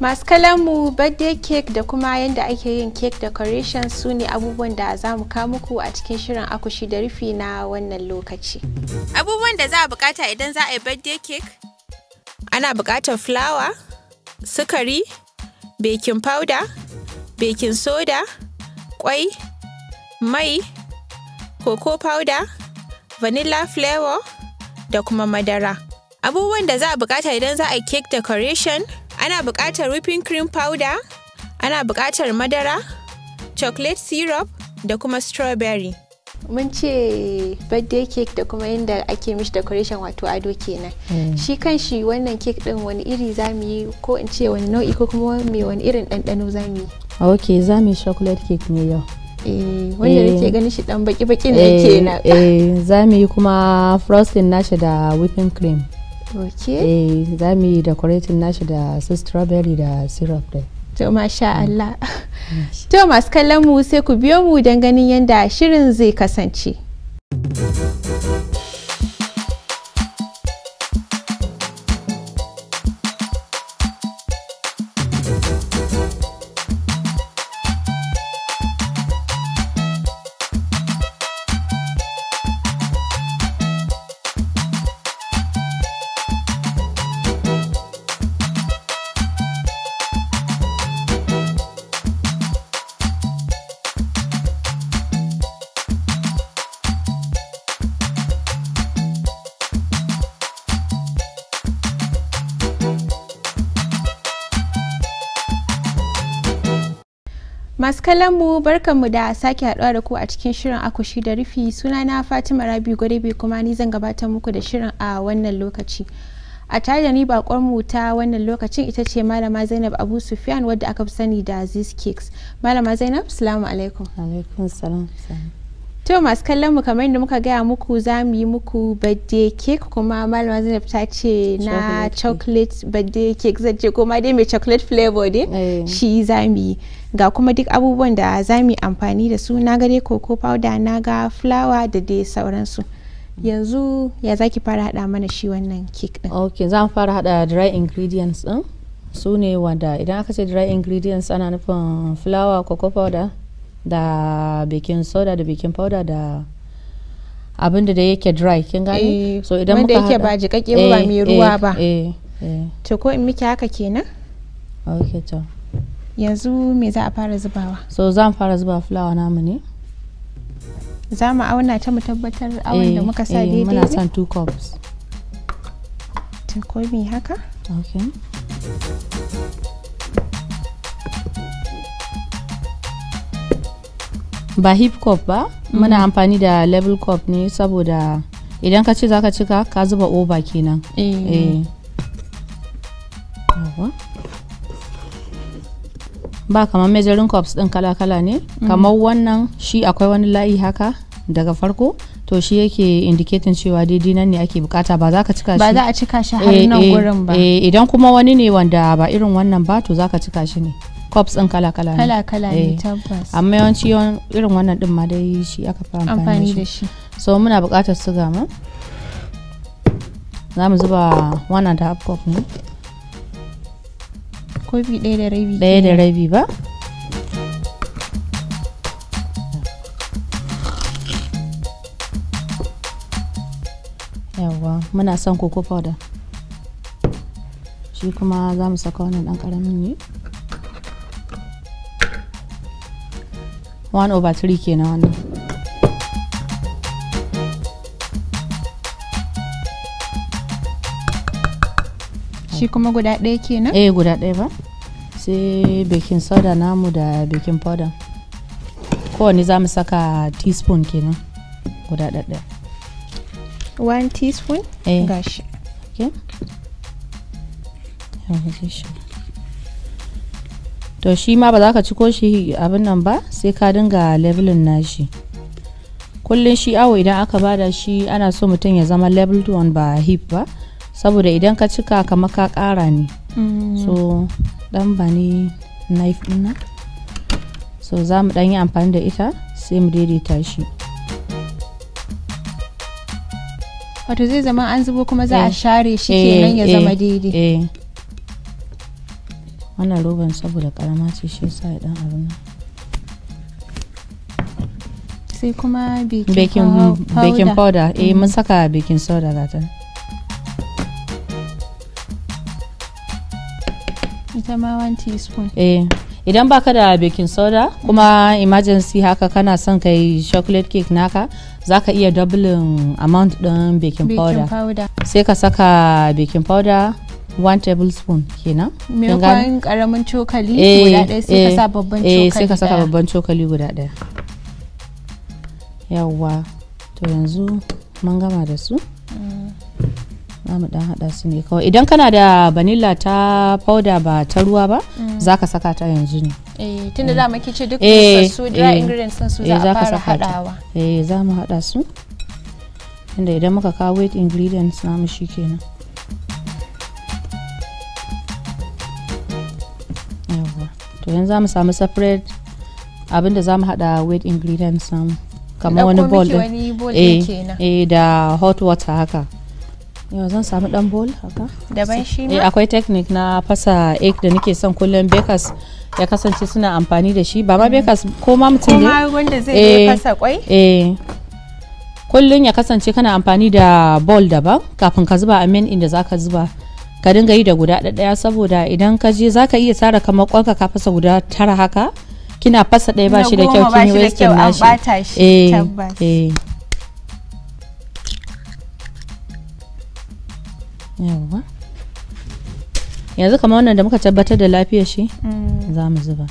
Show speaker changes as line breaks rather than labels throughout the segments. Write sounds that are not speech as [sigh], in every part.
masu mu birthday cake da kuma yadda ake yin cake decoration su ne abubuwan da za mu kawo muku a cikin shirin akushi da rufi na wannan lokaci abubuwan da za a bukata idan za a yi birthday cake ana bukatar flour sukari baking powder baking soda kwai mai cocoa powder vanilla flavor da kuma madara. Abubuwan da za a bukata idan za a cake decoration, ana bukatar whipping cream powder, ana bukatar madara, chocolate syrup da kuma strawberry. mun ce birthday cake da kuma yadda ake mishi decoration wato ado kenan mm. shi kan shi wannan cake din wani iri za mu yi ko in ce wani nau'i ko kuma mai wani irin ɗanɗano za mu yi
ok za mu yi chocolate cake ne yau
Eh, wanda eh. nake ganin shi dan baki-baki ne eh, ke na
za mu yi kuma frosting nashi da whipping cream
ok
za mu yi decorating nashi da su strawberry da syrup da
to masha mm. Allah [laughs] to masu kallon mu sai ku biyo mu don ganin yadda shirin zai kasance masu mu barkanmu da sake haɗuwa da ku a cikin shirin akushi da rufi suna na fatima rabi gwadebe kuma ni zan gabatar muku da shirin a wannan lokaci a tare da ni mu ta wannan lokacin ita ce malama zainab abu sufyan wadda aka fi sani da cakes malama zainab salamu alaikum to masu kallon mu kamar yadda muka gaya muku za mu yi muku birthday cake kuma malama zainab ta ce na chocolate birthday cake zan ce kuma dai mai chocolate flavor dai eh. shi za mu yi ga kuma duk abubuwan da za mu yi amfani da su na ga koko cocoa powder na ga flower da dai sauransu yanzu ya zaki fara hada mana shi wannan cake din ok za mu fara hada dry ingredients din su ne wanda idan aka ce dry
ingredients ana nufin flour cocoa powder da baking soda da baking powder da abinda da yake dry kin gani eh, so idan muka yake ba jikakke ba mai eh, ruwa eh, ba
to ko in miki haka kenan ok to yanzu me za a fara zubawa
so za mu fara zuba fulawa namu ne
za mu auna ta mu tabbatar awon da eh, muka sa eh, daidai muna son
2 cups
ta komi haka
okay ba hip cup ba mm-hmm. muna amfani da level cup ne saboda idan ka ce za ka cika ka zuba over kenan eh, eh. ba kamar measuring cups din kala-kala ne mhm. kamar wannan shi akwai wani layi haka daga farko to shi yake indicating cewa daidai nan ne ake bukata ba za ka cika shi ba za a
cika shi har eh, nan eh, gurin ba
eh, idan kuma wani ne wanda ba irin wannan ba to za ka cika shi ne cups din kala-kala ne kala-kala ne tabbas amma yawanci irin wannan din ma dai shi aka fi amfani da shi so muna bukatar suga ma za mu zuba one and a half cup ne
kofi ɗaya da rabi ɗaya da
rabi ba yawa muna son koko powder shi kuma za mu saka wannan ɗan ƙaramin ne 1 over 3 kenan wannan
shi kuma guda ɗaya kenan eh guda ɗaya ba sai
baking soda namu da baking powder kowane za mu saka teaspoon kenan guda ɗaɗɗa
1 teaspoon eh. gashi okay.
to shi ma ba za ka ciko shi abin nan ba sai ka dinga labelin nashi kullum shi awo idan aka bada shi ana so mutum ya zama level 1 ba hip ba saboda idan ka cika kamar ka kara ne
Mm. so
dan bani knife dina so za mu dan yi amfani da ita sai mu daidaita shi
wato zai zama an zubo kuma za a eh. share shi kenan ya eh, zama eh,
daidai wannan roban saboda karama ce shi sa ya dan abin
sai kuma baking powder eh mun mm.
saka baking soda gata
ita ma 1 teaspoon
eh idan baka da baking soda kuma emergency haka kana son kai chocolate cake naka zaka iya doubling amount din baking powder, powder. sai ka saka baking powder one tablespoon kenan maimakon
karamin cokali eh, guda ɗaya sai ka eh, sa babban cokali eh, sai ka saka
babban cokali guda ɗaya yawwa to yanzu mun gama da su mm. za mu dan hada su ne kawai idan kana da vanilla ta powder ba ta ruwa ba mm. za ka saka ta yanzu ne
eh tunda mm. da muke ce duk eh, su dry eh. ingredients sun su eh, za a fara hadawa
eh za mu hada su tunda idan muka kawo wet ingredients namu shikenan yawa to yanzu za mu samu separate abinda za mu hada wet ingredients namu kamar wani bowl din eh da hot water haka yau zan samu dan bol haka
daban shi ma eh,
akwai technique na fasa egg da nake son kullum bakers ya kasance suna amfani da shi ba ma mm. bakers ko ma mutum ne kuma wanda zai iya eh, fasa kwai eh kullum ya kasance kana amfani da bowl daban kafin ka zuba a main inda zaka zuba ka dinga yi da guda ɗaya saboda idan ka je zaka iya tsara kamar kwanka ka fasa guda tara haka kina fasa ɗaya ba shi da kyau kin yi wasting nashi eh eh yawwa yanzu kamar wannan da muka tabbatar da lafiyar shi mm. za mu zuba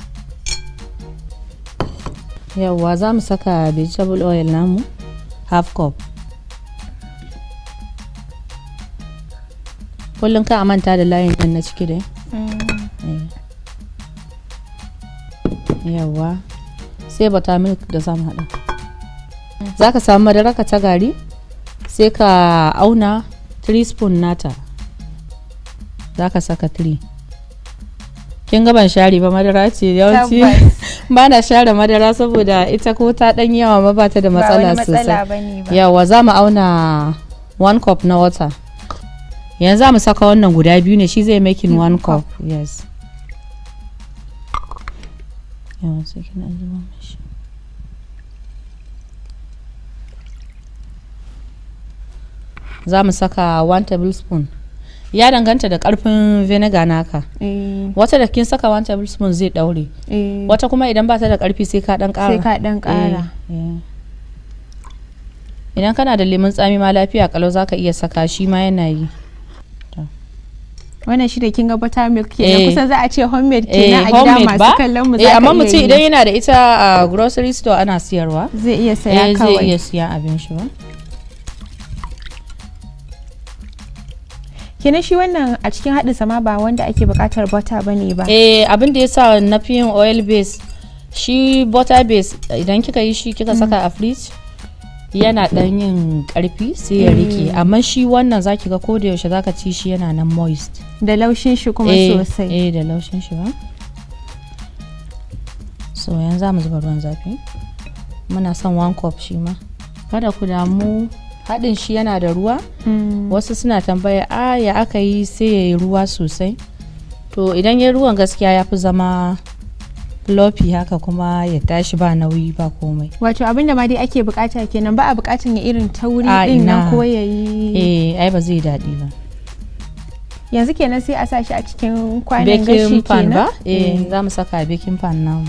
yawwa za mu saka vegetable oil namu half cup kullum ka a manta da layin nan na ciki dai mm. eh. yawwa sai bata milk da za mu hada. za ka samu madara ka ta gari sai ka auna 3 spoon nata za ka saka 3 kin ga ban share ba madara ce yawanci [laughs] ba na share madara saboda ita ko ta dan yawa ma ba ta da matsala sosai yawa za mu auna 1 cup na water yanzu za mu saka wannan guda biyu ne shi zai making 1 hmm, cup yes yawan sai kina zuba mashi za mu saka 1 tablespoon ya danganta da karfin vinegar naka eh. wata da kin saka 1 tablespoon zai daure eh. wata kuma idan ba ta da karfi sai ka dan kara sai ka dan eh, idan kana da lemun tsami ma lafiya kalau za ka iya saka shi ma yana yi
wannan shi da kin ga butter milk kenan kusan za a ce homemade kenan a gida masu kallon mu za ka amma mutum idan yana
da ita a grocery store ana siyarwa zai iya saya kawai zai iya siya abin shi ba
kenan shi wannan a cikin haɗin sama ba wanda ake buƙatar butter ba ne ba eh abin da yasa
na fi yin oil base shi butter base idan kika yi shi kika saka a mm. fridge yana dan yin karfi sai ya rike mm. amma shi wannan zaki ga koda yaushe zaka ci shi yana nan moist
da laushin shi kuma eh, sosai
eh da laushin shi ba so yanzu za mu zuba ruwan zafi muna son one cup shi ma kada ku damu haɗin shi yana da ruwa hmm. wasu suna tambaya a ya aka yi sai ya yi ruwa sosai to idan ya ruwan gaskiya ya fi zama floppy haka kuma ya tashi ba nauyi ba komai
wato abinda ma dai ake bukata kenan ba a bukatan ya irin tauri din nan ko ya yi
eh ai ba zai daɗi ba
yanzu kenan sai a sa shi a cikin kwanan gashi kenan ba eh hmm. za mu
saka bikin fan namu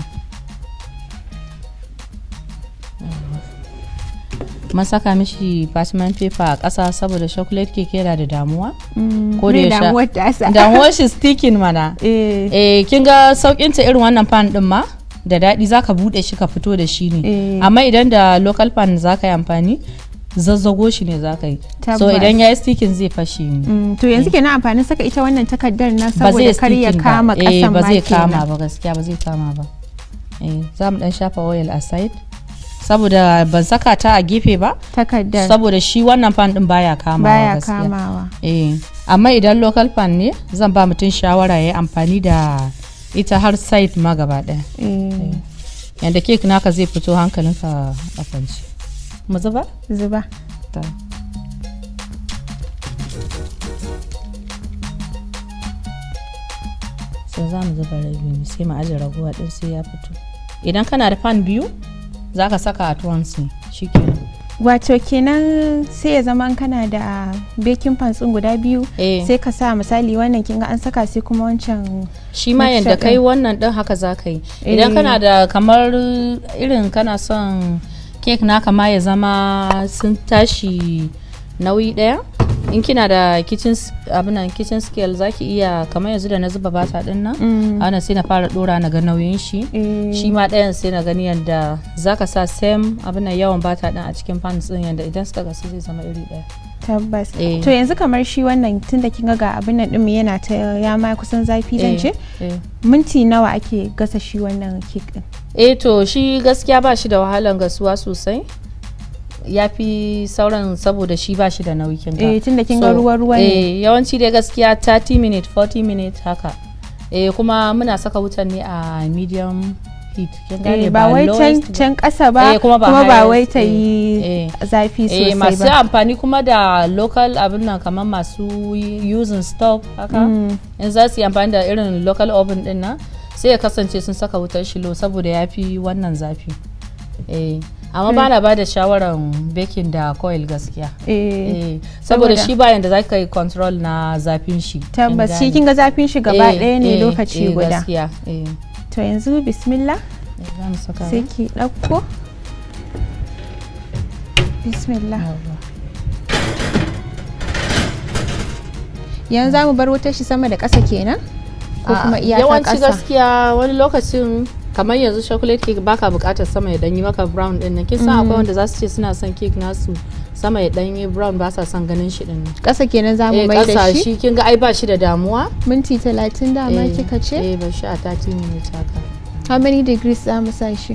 mun saka mishi parchment paper a ƙasa saboda chocolate keke yana da damuwa
mm, ko da ya sha damuwar
shi stikin mana [laughs] eh. eh kin ga saukin ta irin wannan pan din ma da daɗi zaka bude shi ka fito da shi ne eh. amma idan da local pan zaka yi amfani zazzago shi ne za ka yi so idan ya yi stikin zai fashe ni mm, to yanzu
kenan amfani saka ita wannan takardar na saboda kar ya kama kasan eh, ba zai kama ba
gaskiya ba zai kama ba
za mu dan shafa oil
aside saboda ban saka ta a gefe ba takardar saboda shi wannan fan din baya kamawa baya kamawa eh amma idan local fan ne zan ba mutum shawara ya amfani da ita har site ma gaba daya eh. eh. yanda kek naka zai fito ka a kwance mu zuba zuba ta sai za mu zuba rabi sai mu ajiye raguwa din sai ya fito idan kana da fan biyu za ka saka a tuwansu shi
wato kenan sai ya zama kana da bakin pans guda biyu eh. sai ka sa misali wannan kinga an saka sai kuma wancan shi ma yadda kai
wannan din haka za ka yi idan kana eh. da kamar irin kana son kek naka ma ya zama sun tashi nauyi daya in kina da kitchen abinan kitchen scale zaki iya kamar yanzu da na zuba bata din nan mm. ana sai na fara dora na
ga nauyin shi mm. shi ma
ɗayan sai na gani yadda zaka sa same abinan yawan bata din a cikin pans din yadda idan suka gasu zai zama iri ɗaya
tabbas eh. to yanzu kamar shi wannan tun da kin ga abin nan din yana ta ya ma kusan zafi zan eh, ce eh. minti nawa ake gasa shi wannan cake din
eh to shi gaskiya ba shi da wahalan gasuwa sosai ya fi sauran saboda shi ba shi da nauyi ka. eh tunda kin ga ruwa ruwa ne eh yawanci dai gaskiya 30 minutes, 40 minutes haka eh kuma muna saka wutan ne a
medium heat kin gane eh, ba wai can can kasa eh, ba kuma ba wai ta yi eh, zafi sosai ba eh masu
amfani kuma da local abin nan kamar masu using stove haka mm. in za su yi amfani da irin local oven din nan sai ya kasance sun saka wutar shilo saboda ya fi wannan zafi eh amma ba na bada shawarar baking da coil gaskiya eh, eh saboda shi bayan da zaka yi control na zafin shi tabbas shi kinga zafin shi gaba eh, ɗaya ne eh, lokaci guda gaskiya
to yanzu bismillah sai ki ɗauko bismillah yanzu za mu bar wutar shi sama da ƙasa kenan ko kuma iyakar ƙasa yawanci gaskiya wani lokacin
kamar yanzu chocolate cake baka bukatar sama ya danyi maka brown din nan kin san mm. akwai wanda za su ce suna son cake nasu sama ya danyi brown ba sa son ganin shi din
kasa kenan za mu eh, mai da shi shi
kin ga ai ba shi da damuwa minti 30 dama eh, kika ce eh ba shi a 30 minutes haka
how many degrees za mu sa shi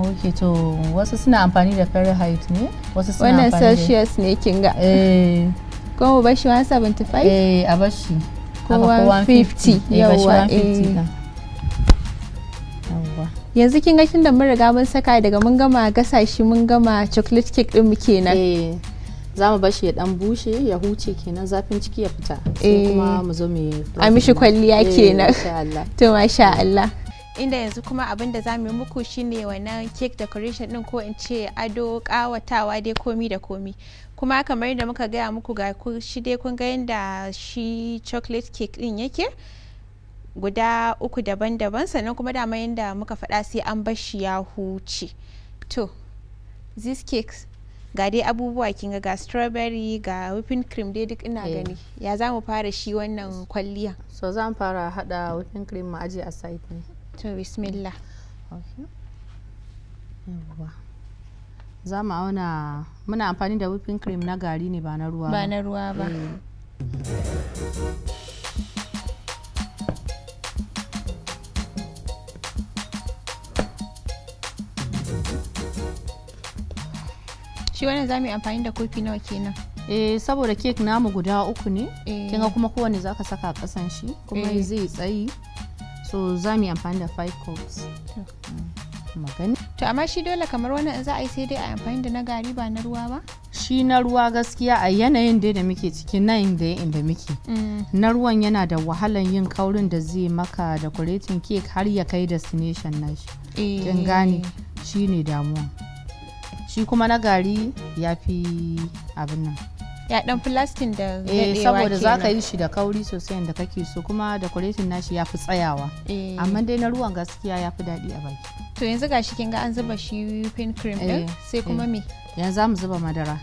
ok to wasu suna amfani da fahrenheit ne wasu suna amfani da wannan celsius
ne kin ga eh ko ba shi 175
eh a bashi kowa 50 yawa eh
yanzu kin ga kin da mun riga mun saka daga mun gama gasa shi mun gama chocolate cake din muke nan. eh za mu bashi ya dan bushe ya huce kenan zafin ciki ya fita sai eh. kuma mu zo mu a mishi kwalliya eh, kenan [laughs] to masha Allah inda yanzu kuma abin da za mu yi muku shine wannan cake decoration din ko in ce ado kawatawa dai komi da komi kuma kamar da muka gaya muku ga shi dai kun ga yanda shi chocolate cake din yake guda uku daban-daban sannan kuma dama yadda muka faɗa sai an bar shi ya huce to these cakes ga dai abubuwa kin ga strawberry ga whipping cream dai duk ina eh. gani ya za mu fara shi wannan kwalliya so za mu fara hada whipping cream mu aje a side ne
to bismillah za mu auna muna amfani da whipping cream na gari ne ba na ruwa ba na ruwa ba eh.
shi wannan za mu yi amfani da kofi nawa kenan eh saboda kek namu guda uku ne eh. kin ga kuma
kowanne zaka saka kasan shi kuma eh. zai tsayi so za mu yi amfani da five cups
hmm, magani to amma shi dole kamar wannan in za a yi sai dai a amfani da na gari ba na ruwa ba
shi na ruwa gaskiya a yanayin dai da muke ciki nan da inda muke mm. na ruwan yana da wahalan yin kaurin da zai maka decorating cake har ya kai destination nashi kin eh. gane shine damuwa shi kuma na gari ya fi abin nan
ya dan plastin da eh saboda za ka yi shi
da kauri sosai yadda kake so kuma da kuretin nashi ya fi tsayawa
eh. amma dai
na ruwan gaskiya ya fi daɗi a baki
to yanzu ga shi kin ga an zuba shi whipping cream din eh, sai kuma eh. me
yanzu mu zuba madara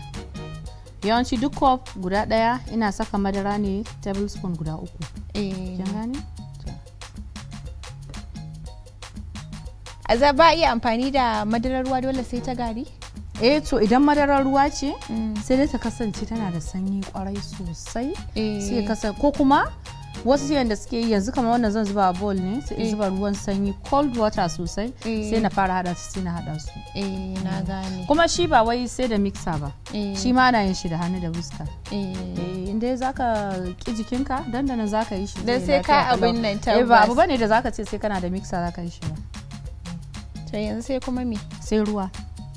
yawanci duk cup guda daya ina saka madara ne tablespoon guda uku kin
a za ba iya amfani da madarar ruwa dole sai ta gari
eh to idan madarar ruwa ce mm. sai dai ta kasance tana da sanyi kwarai sosai eh. sai kasance ko kuma wasu yadda suke yi yanzu kamar wannan zan zuba bowl ne sai in eh. zuba ruwan sanyi cold water sosai eh. sai na fara hada su sai na hada su eh na mm. gane kuma shi ba wai sai da mixer ba shi ma ana yin shi da hannu da fuska eh inda zaka ki jikinka dandana zaka yi shi dan sai ka abin nan tabbas ba abu bane da zaka ce sai kana da mixer zaka yi shi ba to yanzu sai kuma me sai ruwa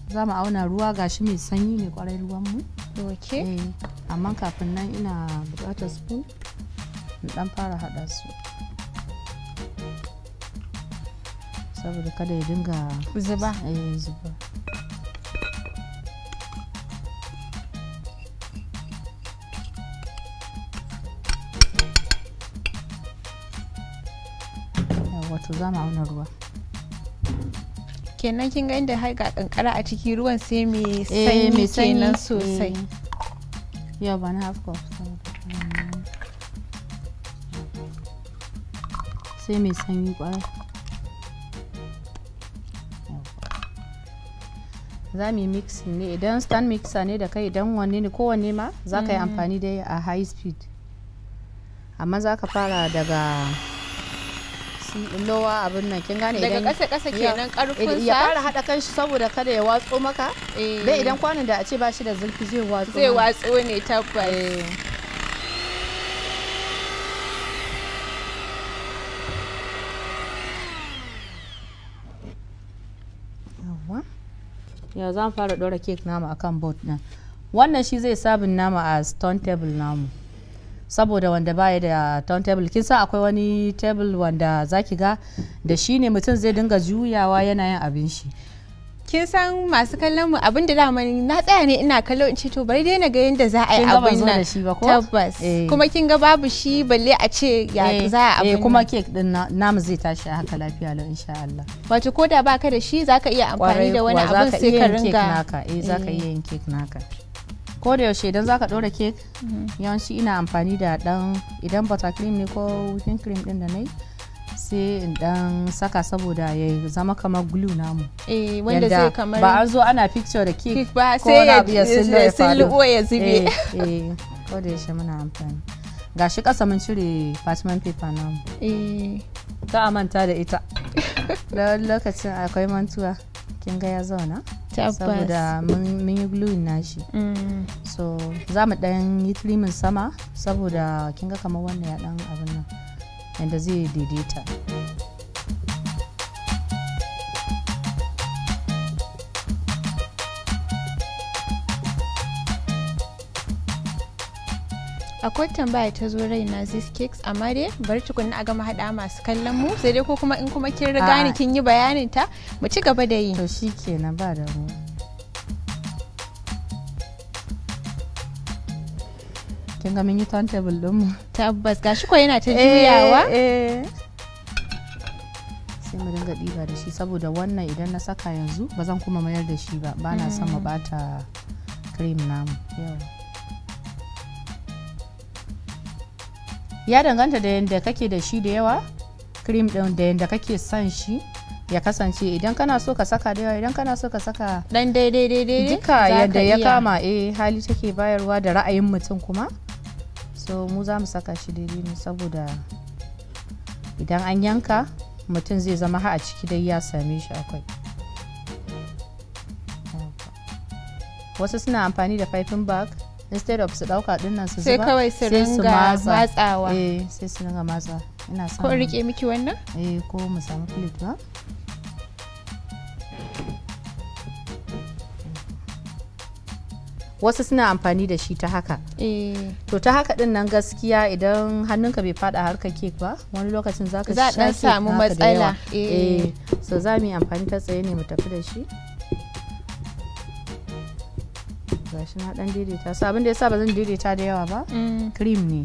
za mu auna ruwa gashi mai sanyi ne kwarai ruwanmu ok eh, amma kafin nan ina bukatar spoon in dan fara hada su saboda kada ya dinga zuba eh zuba wato za mu auna ruwa
kenan kin ga inda har ga kankara a ciki ruwan sai mai eh, sanyi kenan eh. sosai yau ban half cup
sai mai sanyi kwarai za mu yi mixing ne idan stand mixer ne da kai idan wanne ne kowanne ma za ka yi mm. amfani da a high speed amma za ka fara daga lowa abin nan
kin gane daga kasa ƙasa kenan karfin eh, sa ya fara hada kanshi
saboda kada ya watso maka eh. dai idan
kwanin da a ce ba shi da zulfi zai watso zai watso ne tabbas eh.
yau za mu fara dora cake namu akan boat ɗin wannan shi zai sabin nama a stone table namu saboda wanda baya da turntable kin san akwai wani table wanda zaki ga da shi
ne mutum zai dinga juyawa yana yin abin shi kin san masu kallon mu abin da dama na tsaya ne ina kallo in ce to bari dai na ga yadda za a yi abin nan tabbas eh. kuma kin ga babu shi balle a ce ya eh. za a abin eh, kuma kek din namu zai tashi haka lafiya lau insha Allah wato ko da baka da shi zaka iya amfani da wani abin sai ka ringa eh zaka iya
yin kek naka ko da yaushe idan zaka ɗora kek mhm. yawanci ina amfani da dan idan butter cream ne ko whipping cream din da nai sai in dan saka saboda ya zama kamar glue namu
eh wanda zai kamar ba an zo
ana picture da cake ba sai ya eh, sillo ya zube eh, eh ko da yaushe muna amfani gashi kasa mun cire parchment paper namu eh ta manta da ita [laughs] lokacin akwai mantuwa kin ga ya zauna saboda mun yi gluing nashi mm. so za mu dan yi trimin sama saboda kin ga kamar wannan ya dan abin nan yadda zai daidaita
akwai tambaya ta zo na zis cakes amma mare bari tukunna a gama haɗa masu kallon mu sai dai ko kuma in kuma kin riga ni ah. kin yi bayanin ta mu ci gaba da yi to shikenan ba da mu kin ga mini ton table din mu tabbas gashi ko yana ta juyawa eh,
eh. sai mu dinga diba da shi saboda wannan idan na saka yanzu ba zan kuma mayar da shi ba ba na son mu bata mm. cream namu yawa ya danganta da yadda kake da shi da yawa cream din da yadda kake son shi ya kasance idan kana so ka saka da yawa idan kana so ka saka
dan daidai daidai duka yadda ya kama
eh hali take bayarwa da ra'ayin mutum kuma so mu za mu saka shi daidai ne saboda idan an yanka mutum zai zama ha a ciki dai ya same shi akwai wasu suna amfani da faifin bag instead of su ɗauka dinnan su zuba sai kawai su ringa matsawa eh sai su ringa matsa ina son ko rike miki wannan eh ko mu samu plate ba wasu suna amfani da shi ta haka eh. to ta haka din nan gaskiya idan hannunka bai fada harka kek ba wani lokacin za ka shi kek samu matsala eh. eh so za mu yi amfani ta tsaye ne mu tafi da shi gashi na dan daidaita su abinda ya sa ba zan daidaita da yawa ba mm. cream ne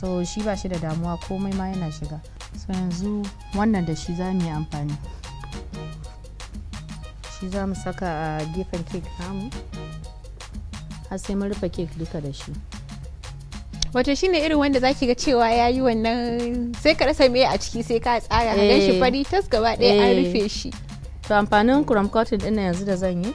so shi ba shi da damuwa komai ma yana shiga so yanzu wannan da shi za mu yi amfani shi za mu saka a gefen kek namu har sai mun rufe kek duka da shi
wato shine irin wanda zaki ga cewa ya yi wannan sai ka rasa meye a ciki sai ka tsara ka gan shi eh. fari tas gaba ɗaya an eh. rufe shi
to amfanin kuram cotton ɗin yanzu da zan yi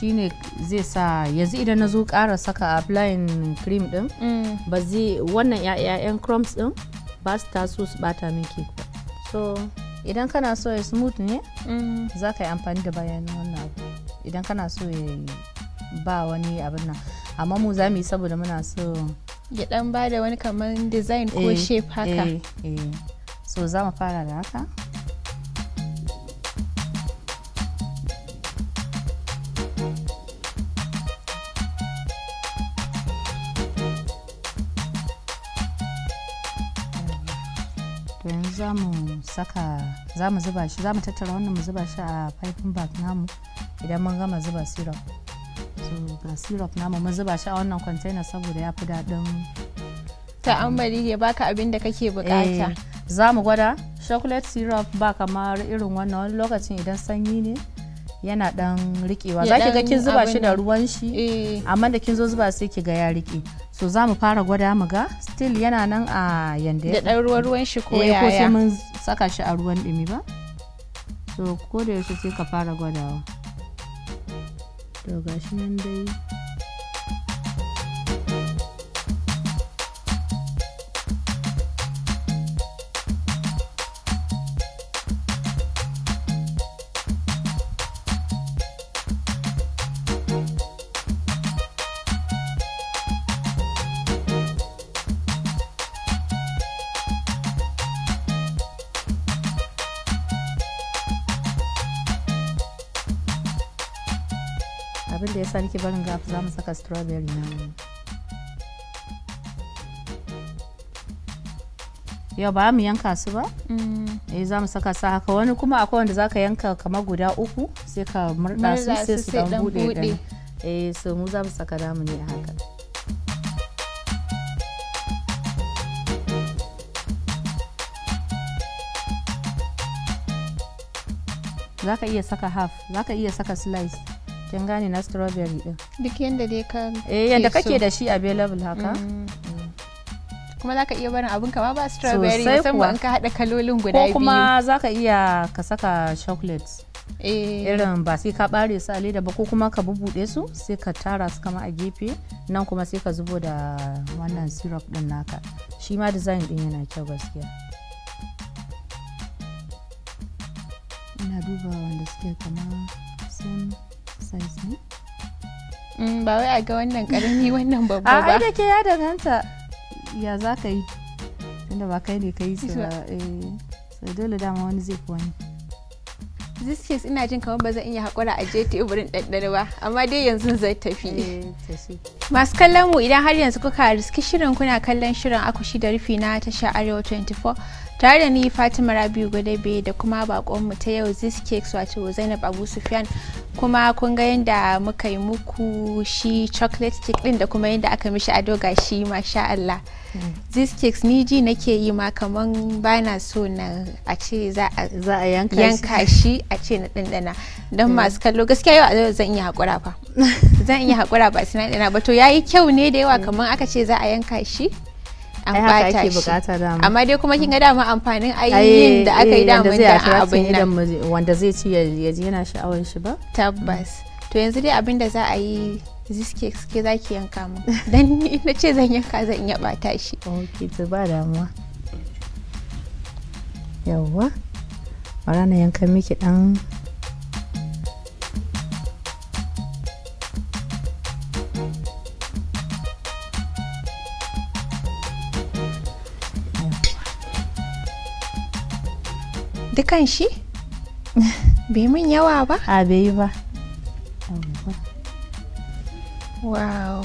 shine zai sa yanzu idan na zo kara saka applying cream din mm. ba zai wannan 'ya'yan crumbs din ba su taso su bata min cake ba so idan kana so ya smooth ne mm. za ka yi amfani da bayan wannan abu idan kana so ya ba wani abin nan amma mu za mu yi saboda muna so ya dan ba da wani kamar design ko eh, shape haka eh, eh. so za mu fara da haka za mu saka zuba shi za mu tattara wannan mu zuba shi a faifin bak namu idan mun gama zuba syrup so ga syrup namu mun zuba shi a wannan container saboda ya fi daɗin
ta'ammali ya baka abin da kake bukata eh, za mu gwada chocolate syrup
ba kamar irin wannan wani lokacin idan sanyi ne yana dan rikewa za ki ga kin zuba shi da ruwan shi eh. amma da kin zo zuba sai ki ga ya rike so za mu fara gwada mu ga still yana nan a yanda da dan ruwan ruwan shi ko eh, yaya ko sai mun saka shi a ruwan dumi ba so ko da yaushe sai ka fara gwadawa to gashi nan dai karki barin gafi za mu saka strawberry na yau ba mu yanka su ba mm. eh za mu saka su haka wani kuma akwai wanda zaka yanka kamar guda uku sai ka murda su sai su dan bude dan eh so mu za mu saka damu ne haka. haka zaka iya saka half zaka iya saka slice kin gane na strawberry din
duk yadda dai ka eh yadda kake da shi
available haka mm. Mm.
kuma zaka iya barin abin ma ba strawberry musamman ka hada kalolin guda biyu ko kuma zaka
iya ka saka Eh. irin ba sai ka bare su alida ba ko kuma ka bubuɗe su sai ka tara su kama a gefe nan kuma sai ka zubo da wannan syrup din naka shi ma design din yana kyau gaskiya ina duba wanda suke kama sun sosai
mm, ba wai a ga wannan karami [laughs] wannan babba ba A da ke ya danganta
ya za ka yi inda ba kai ne ka yi su eh, dole dama wani zai fi
wani this case ina jin kamar ba zan iya haƙura a je teburin ɗanɗana ba amma dai yanzu zai eh, tafi masu kallon mu idan har yanzu kuka riski shirin kuna kallon shirin akushi da rufi na tasha arewa 24 tare da ni fatima rabiu gwadabe da kuma bakonmu ta yau cakes wato zainab abu sufyan kuma kun ga yadda muka yi muku shi chocolate cake din da kuma yadda aka mishi ado ga shi masha Allah cakes ni ji nake yi ma kaman bana so na a ce za a yanka shi a ce na dandana don mm. masu kallo gaskiya yau a zan iya haƙura fa [laughs] zan iya haƙura ba sinadina ba to yayi kyau ne da yawa mm. kaman aka ce za a yanka shi an bata shi amma dai kuma kin ga dama amfanin ayin da aka yi eh, dama da abin nan
wanda zai ci ya ji yana sha'awar shi ba
tabbas mm. to yanzu dai abin da za a yi ziske ke za ki yanka mu [laughs] dan ni na ce zan yanka zan iya bata shi
ok to ba damuwa yawwa bara na yanka miki dan
kan shi [laughs] bai min yawa ba a bai ba wow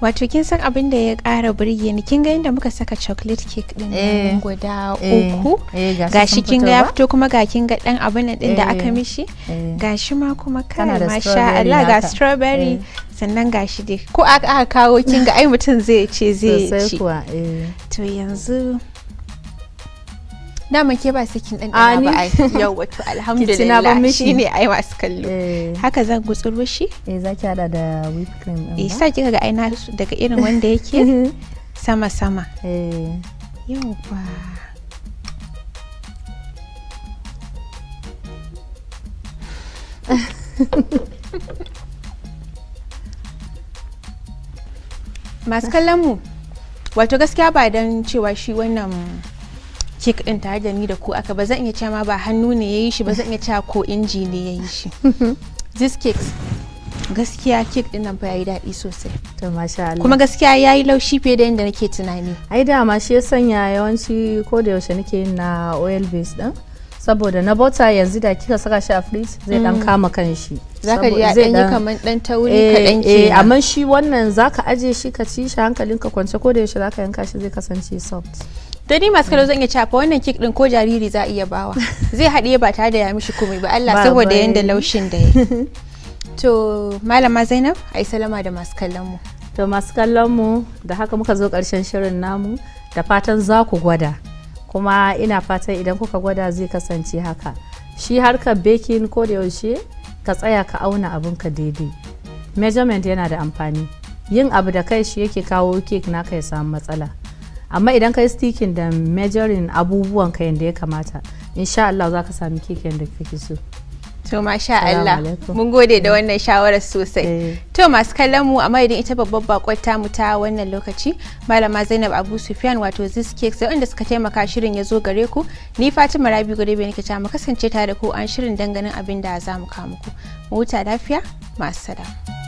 wato kin san abin da ya kara burge ni kin ga inda muka saka chocolate cake din nan eh. guda eh. uku eh, gashi kin ga ya fito kuma ga kin ga dan abin din da aka mishi gashi ma kuma kana masha Allah ga strawberry sannan gashi dai ko aka kawo kin ga ai mutum zai ce zai ci to yanzu dama ke ba sakin ɗan dana ba ai [laughs] yau wato [laughs] alhamdulillah ne ai masu kallo eh. haka zan gutsuro shi eh zaki hada da whipped cream din ba eh sa kika ga ai na daga irin wanda yake [laughs] sama sama eh yau ba masu kallon mu wato gaskiya ba don cewa shi wannan ke din tare da ni da ku aka ba zan iya cewa ba hannu ne ya yi shi ba zan iya cewa ko inji ne ya yi shi [laughs] this cakes gaskiya kek din nan fa yayi daɗi sosai to masha Allah kuma gaskiya yayi
laushi fiye da yadda nake tunani ai da ma shi ya sanya yawanci ko da yaushe nake yin na oil base din saboda na bota yanzu da kika saka shi a fridge zai dan mm. kama kanshi zaka ji dan yi kaman dan tauri dan eh, ke eh amma shi wannan zaka aje shi ka ci shi hankalinka kwance ko da yaushe zaka yanka shi zai kasance soft
to ni masu kallo zan iya cafa wannan kek din ko jariri za iya bawa [laughs] zai haɗe ba tare da ya mishi komai ba Allah saboda yanda laushin da ya [laughs] to malama Zainab yi salama da masu kallon mu to masu kallon mu
da haka muka zo karshen shirin namu da fatan za ku gwada kuma ina fatan idan kuka gwada zai kasance haka shi harkar bekin ko da yaushe ka tsaya ka auna ka daidai measurement yana da amfani yin abu da kai shi yake kawo kek naka ya samu matsala amma idan ka yi sticking da majorin abubuwan ka yadda ya kamata insha Allah za ka sami keke yadda kake so
to masha Allah mun gode da wannan shawarar sosai eh. to masu kallon mu a madadin ita babbar bakon mu ta wannan lokaci malama Zainab Abu Sufyan wato cake sai wanda suka taimaka shirin ya zo gare ku ni Fatima Rabi gode bai nake ta mu kasance tare da ku an shirin danganin abin da za mu kawo muku mu huta lafiya masu salama